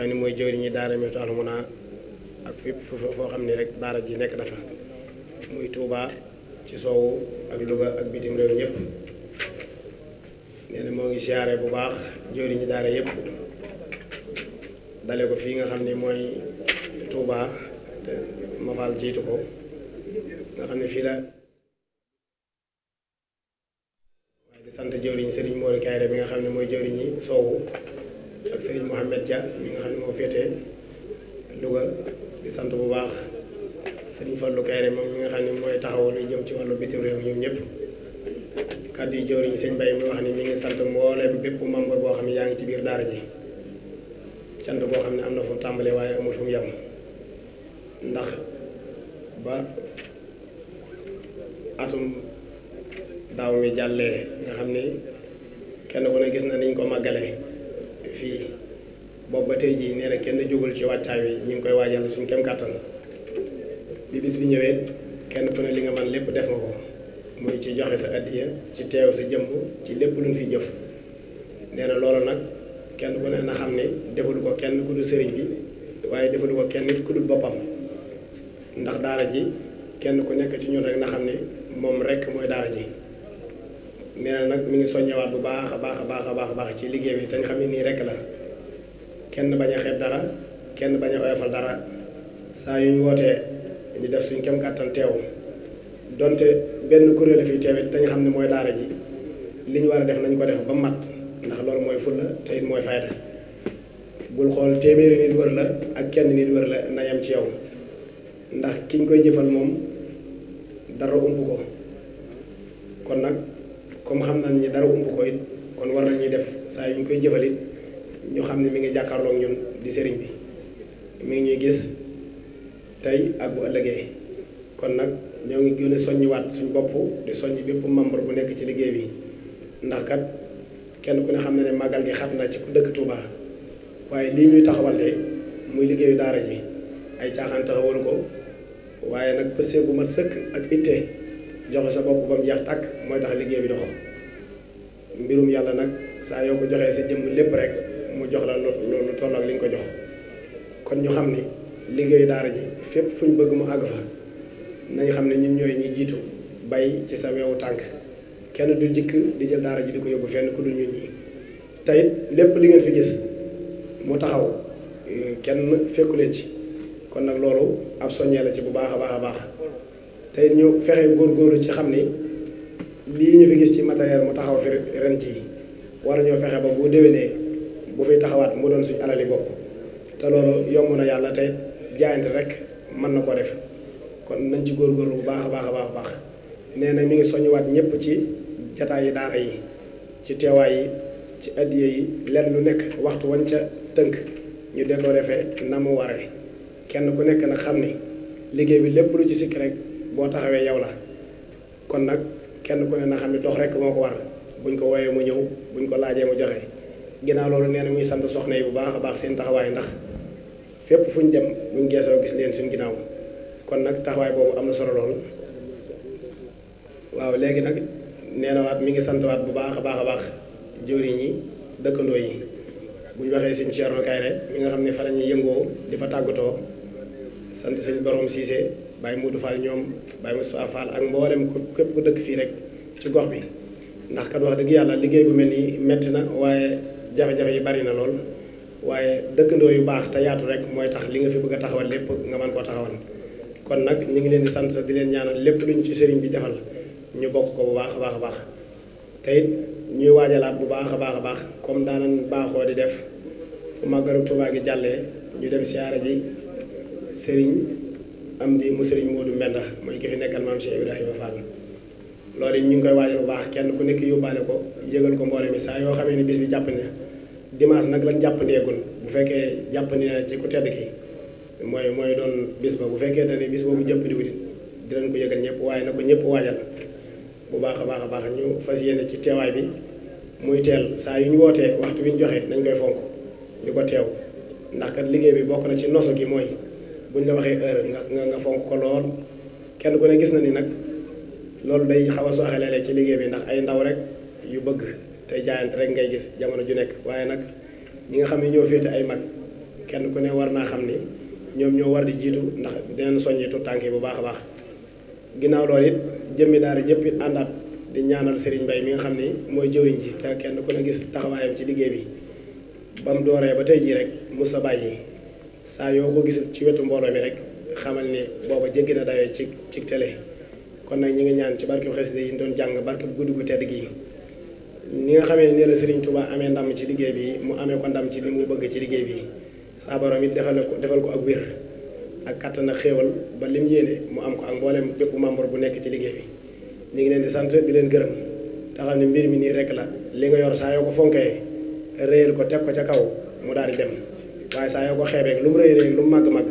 xam ne mooy jëwriñu daara Miftu almuna ak fépp foo xam ne rek daara ji nekk dafa muy Touba ci soowu ak Louga ak bitim réew ñëpp nee moo ngi siyaare bu baax jëwriñu daara yépp dale ko fii nga xam ne mooy tuuba te Mafal jiitu ko nga xam ne fii la waaye di sant jëwriñ Serigne Mori Kayre bi nga xam ne mooy jëwriñi soowu ak Serigne Mohamed nga xam ne moo féetee Louga sant bu baax Serigne Fallou moom mi nga xam ne mooy taxaw lu jëm ci wàllu bitim réew ñoom ñëpp yi jëwriñ sëñ Mbaye mi ne mi ngi sant mbooleem bépp membre boo xam ne yaa ngi ci biir daara ji boo xam ne am na fu mu waaye amul fu mu ndax ba atum daaw mi jàllee nga xam ne kenn ku ne gis na niñ ko màggalee fii boobu ba tey jii nee na kenn jógul ci wàccaay wi ñu ngi koy waajal suñ kem kàttan bi bi ñëwee kenn ku ne li nga man lépp def nga ko muy ci joxe sa addiya ci teew sa jëmm ci lépp luñ fi jëf nee na loolu nag kenn ku ne na xam ne defalu ko kenn ku dul sëriñ bi waaye defalu ko kenn ku dul boppam ndax daara ji kenn ku nekk ci ñun rek na xam ne moom rek mooy daara ji nee nag mu ngi soññewaat bu baax a baax a baax a baax baax ci liggéey bi te nga xam ne nii rek la kenn bañ a xeeb dara kenn bañ a oyofal dara saa yu ñu wootee ñu def suñ kem kàttan teew donte benn kuréel fi teewit te nga xam ne mooy daara ji li ñu war a def nañ ko def ba mat ndax loolu mooy fulla te it mooy fayda bul xool téeméeri nit wër la ak kenn nit wër la na yem ci yow ndax ki ñu koy jëfal moom dara ump ko kon nag. comme xam nañ ni dara umb koy it kon war nañuy def saa yu ñu koy jëfalit ñu xam ne mi ngi jàkkaarloog ñun di sëriñ bi mi ngi ñuy gis tey ak bu ëllëgee kon nag ñoo ngi gën a waat suñu bopp di soññ bépp membre bu nekk ci liggéey bi ndax kat kenn ku ne xam ne ne màggal gi xat naa ci ku dëkk Touba waaye lii ñuy taxawal de muy liggéeyu daara ji ay caaxaan taxawal ko waaye nag pësee bu sëkk ak ittee joxe sa bopp ba mu jeex tàkk mooy tax liggéey bi dox mbirum yàlla nag saa yoo bu joxee sa jëmm lépp rek mu jox la loolu toll ak li nga ko jox kon ñu xam ni liggéey daara ji fépp fuñ bëgg mu àgg fa nañ xam ne ñun ñooy ñu jiitu bay ci sa weewu tànk kenn du jikk di jël daara ji di ko yóbbu fenn ku dul ñun ñi tey lépp li ngeen fi gis mu taxaw eh, kenn fekkuleen ci kon nag loolu ab soññee la ci bu baax a baax a baax te ñu fexe góor góorgóorlu ci xam ni lii ñu fi gis ci matériel mu taxaw fi ren jii war nañoo fexe ba bu déwénee bu fi taxawaat mu doon suñu alali bopp te loolu yomb na yàlla te jaayante rek mën na ko def kon nañ ci góor góorgóorlu bu baax a baax a baax baax nee na mi ngi soññuwaat ñëpp ci jataay yi daara yi ci teewaay yi ci addiye yi lenn lu nekk waxtu wañ ca tënk ñu dee ko defee na mu waree kenn ku nekk na xam ni liggéey bi lépp lu ci sikk rek. boo taxawee yow la kon nag kenn ku ne na xam ne dox rek moo ko war buñ ko woowee mu ñëw buñ ko laajee mu joxe ginnaaw loolu nee na muy sant soxna yi bu baax a baax seen taxawaay ndax fépp fu ñu dem buñ geesoo gis leen suñ ginnaaw kon nag taxawaay boobu am na solo lool waaw léegi nag nee na waat mi ngi sant waat bu baax a baax a baax jëwriñ yi dëkkandoo yi bu ñu waxee sëñ Thierno Kayre mi nga xam ne fa la yëngoo di fa tàggatoo sant sëñ borom Cissé. Baye Modou Fall ñoom Baye saa Fall ak mboolem képp ku dëkk fii rek ci gox bi ndax kat wax dëgg yàlla liggéey bu mel nii metti na waaye jafe-jafe yi bari na lool waaye dëkkandoo yu baax te yaatu rek mooy tax li nga fi bëgg a taxawal lépp nga man koo taxawal kon nag ñu ngi leen di sant di leen ñaanal lépp luñ ci sëriñ bi defal ñu bokk ko bu baax a baax a baax tey ñuy waajalaat bu baax a baax a baax comme daanan baaxoo di def fu màggalu Tuubaa gi jàllee ñu dem siyaara ji sëriñ am di mu sëriñ Modou Mbenda mooy ki fi nekkal maam Cheikh Ibrahima Fall loolu ñu ngi koy waajal bu baax kenn ku nekk yóbbaale ko yëgal ko mboole mi saa yoo xamee ne bis bi jàpp ne nag lañ jàppandeegul bu fekkee jàppandi na ci ku tedd ki mooy mooy doon bis ba bu fekkee ne bis boobu jàpp di wuti dinañ ko yëgal ñëpp waaye na ko ñëpp waajal bu baax a baax a baax ñu fas yéene ci teewaay bi muy teel saa yu ñu wootee waxtu wi ñu joxe nañ koy fonk di ko teew ndax kat liggéey bi bokk na ci nosu gi mooy. buñ la waxee heure nga nga fonk ko lool kenn ku ne gis na ni nag loolu day xaw a sooxelee ci liggéey bi ndax ay ndaw rek yu bëgg te jaayante rek ngay gis jamono ju nekk waaye nag ñi nga xam ne ñoo féete ay mag kenn ku ne war naa xam ni ñoom ñoo war di jiitu ndax dinañ soññitu tànk yi bu baax a baax ginnaaw loolu it jëmmi daar jëpp it àndaat di ñaanal Serigne Mbaye mi nga xam ni mooy jëwriñ ji te kenn ku ne gis taxawaayam ci liggéey bi ba mu dooree ba tey jii rek Moussa Baye saa yoo ko gis ci wetu mbooloo mi rek xamal ni booba jéggi na dayoo ci ci télé kon nag ñi ngi ñaan ci barkeb xasida yi ni doon jàng barkeb guddi gu tedd gii ni nga xamee ne la Serigne Touba amee ndam ci liggéey bi mu amee ko ndam ci li mu bëgg liggéey bi saa mi it defal ko defal ko ak wér ak kàttan ak xéewal ba lim yéene mu am ko ak mboolem bépp membre bu nekk ci liggéey bi ñu ngi leen di sant di leen gërëm te xam ne mbir mi nii rek la li nga yor saa yoo ko fonkee ko teg ko ca kaw mu daal di dem waaye saa yoo ko xeebee lu mu rëy rëy lu mu màgg-màgg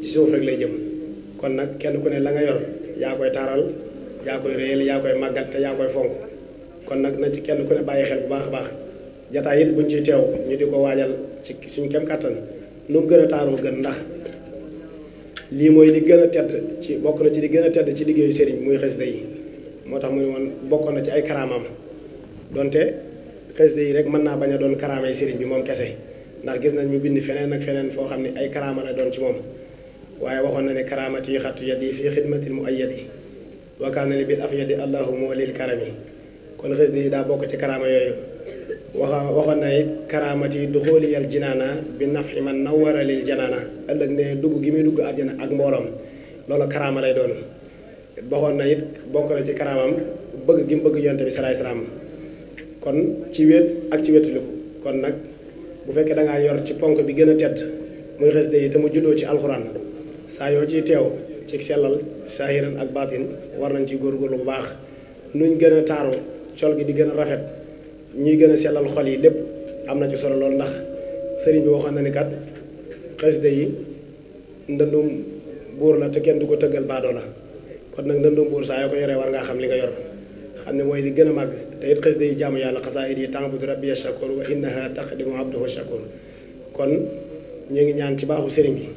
ci suuf rek lay jëm kon nag kenn ku ne la nga yor yaa koy taaral yaa koy réyal yaa koy màggal te yaa koy fonk kon nag na ci kenn ku ne bàyyi xel bu baax a baax jataay it bu ciy teew ñu di ko waajal ci suñ kem kàttan nu gën a taaroo gën ndax lii mooy li gën a tedd ci bokk na ci li gën a tedd ci liggéeyu sëriñ muy xasida yi moo tax muy ne woon bokkoon na ci ay karaamam donte xasida yi rek mën naa bañ a doon karaamay sëriñ bi moom kese ndax gis nañ mu bind feneen ak feneen foo xam ne ay karaama la doon ci moom waaye waxoon na ne karaamati xattu yadi fi xidmatil mu ay yadi wakkaana li bil af yadi allahu muhlil karami kon xasida yi daa bokk ci karaama yooyu waxoon na it karaamati duxooliyal jinaana bi nafxi man nawara lil janaana ëllëg ne dugg gi ak mbooloom loolu karaama lay doon waxoon na it bokk ci karaamam bëgg gi mu bëgg yonte bi salaay salaam kon ci wet ak ci wetiliku kon nag bu fekkee dangaa yor ci ponk bi gën a tedd muy xasida yi te mu juddoo ci alxuraan saa yoo ciy teew ci sellal saahiran ak baatin war nañ ci góor góorgóorlu bu baax nuñ gën a taaroo col gi di gën a rafet ñuy gën a sellal xol yi lépp am na ci solo lool ndax sëriñ bi xam na ni kat xasida yi ndëndum buur la te kenn du ko tëggal baadoo la kon nag ndëndum buur saa yoo ko yoree war ngaa xam li nga yor xam ne mooy li gën a màgg te it xasida yi jaamu yàlla xasaa xasaayid yi tànbudu rabbiya shakur wa innaha a abduhu shakur kon ñu ngi ñaan ci baaxu sëriñ bi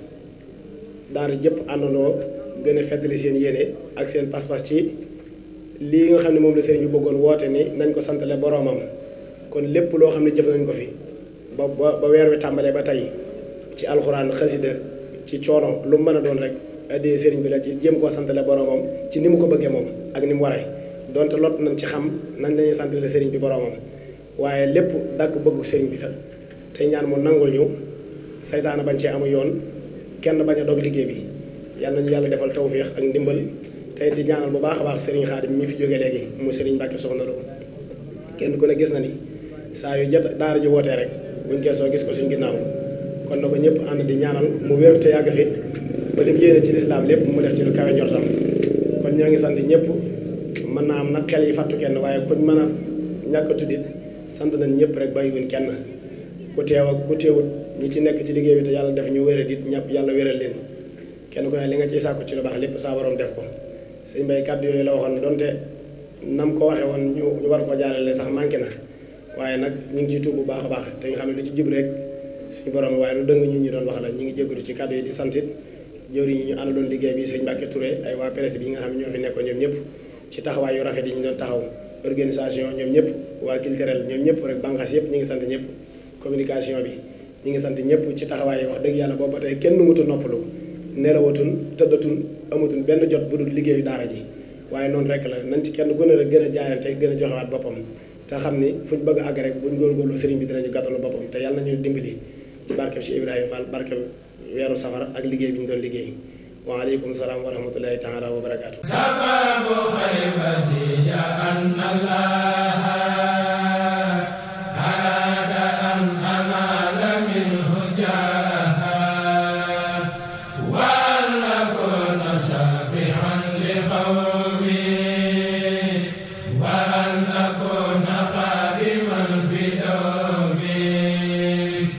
daara jëpp àndandoo gën a feddali seen yéene ak seen pas ci lii nga xam ne moom la sëriñ bi bëggoon woote ni nañ ko santale boroomam kon lépp loo xam ne jëf nañ ko fi ba ba weer wi tàmbalee ba tey ci alxuraan xasida ci coono lu mën a doon rek addee sëriñ bi la ci jéem koo santale boroomam ci ni mu ko bëggee moom ak ni mu waree donte lot nañ ci xam nañ la ñuy sant la sëriñ bi boroomam waaye lépp dagg bëggu sëriñ bi la tey ñaan mu nangul ñu saytaana bañ ci amu yoon kenn bañ a dog liggéey bi yal nañu yàlla defal tawféex ak ndimbal tey di ñaanal bu baax a baax sëriñ Xaadim mi fi jóge léegi mu sëriñ Mbàkke soxna Lo kenn ku ne gis na ni saa yu jot daara ji wootee rek buñ geesoo gis ko suñ ginnaaw kon na ko ñëpp ànd di ñaanal mu wér te yàgg fi ba lim yéene ci lislaam lépp mu def ci lu kawe njortam kon ñoo ngi sant ñëpp mën naa am nag xel yi fàttu kenn waaye kuñ mën a ñàkk a tuddit sant nañ ñëpp rek bàyyiwuñ kenn ku teew ak ku teewut ñi ci nekk ci liggéey bi te yàlla def ñu wéral it ñàpp yàlla wéral leen kenn ko ne li nga ciy sàkku ci lu baax lépp saa borom def ko sëñ Mbay kàddu yooyu la waxoon donte nam ko waxee woon ñu ñu war ko jaalale sax manqué na waaye nag ñu ngi ciy tuub bu baax a baax te nga xam ne lu ci jub rek suñu borom waaye lu dëng ñu ñu doon wax la ñu ngi jégalu ci kàddu di santit jëwriñ yi liggéey bi sëñ Mbàkke Touré ay waa presse bi nga xam ñoo fi nekkoon ñoom ñëpp ci taxawaay yu rafet yi ñu doon taxaw organisation ñoom ñëpp waa culturel ñoom ñëpp rek banqas yëpp ñu ngi sant ñëpp communication bi ñu ngi sant ñëpp ci taxawaay wax dëgg yàlla boobu ba tey kenn nungutu noppalu nelawatul tëddatul amatul benn jot bu dul liggéeyu daara ji waaye noonu rek la nañ kenn gën a gën a jaayante gën a boppam te xam ni fu ñu bëgg àgg rek góor góorgóorlu sëriñ bi dinañu gàttalu boppam te yàlla nañu dimbali ci barkeb si ibrahim Fall barkeb weeru safar ak liggéey bi ñu doon liggéey waaleykum salaam wa rahmatullahi taala wa barakaatu.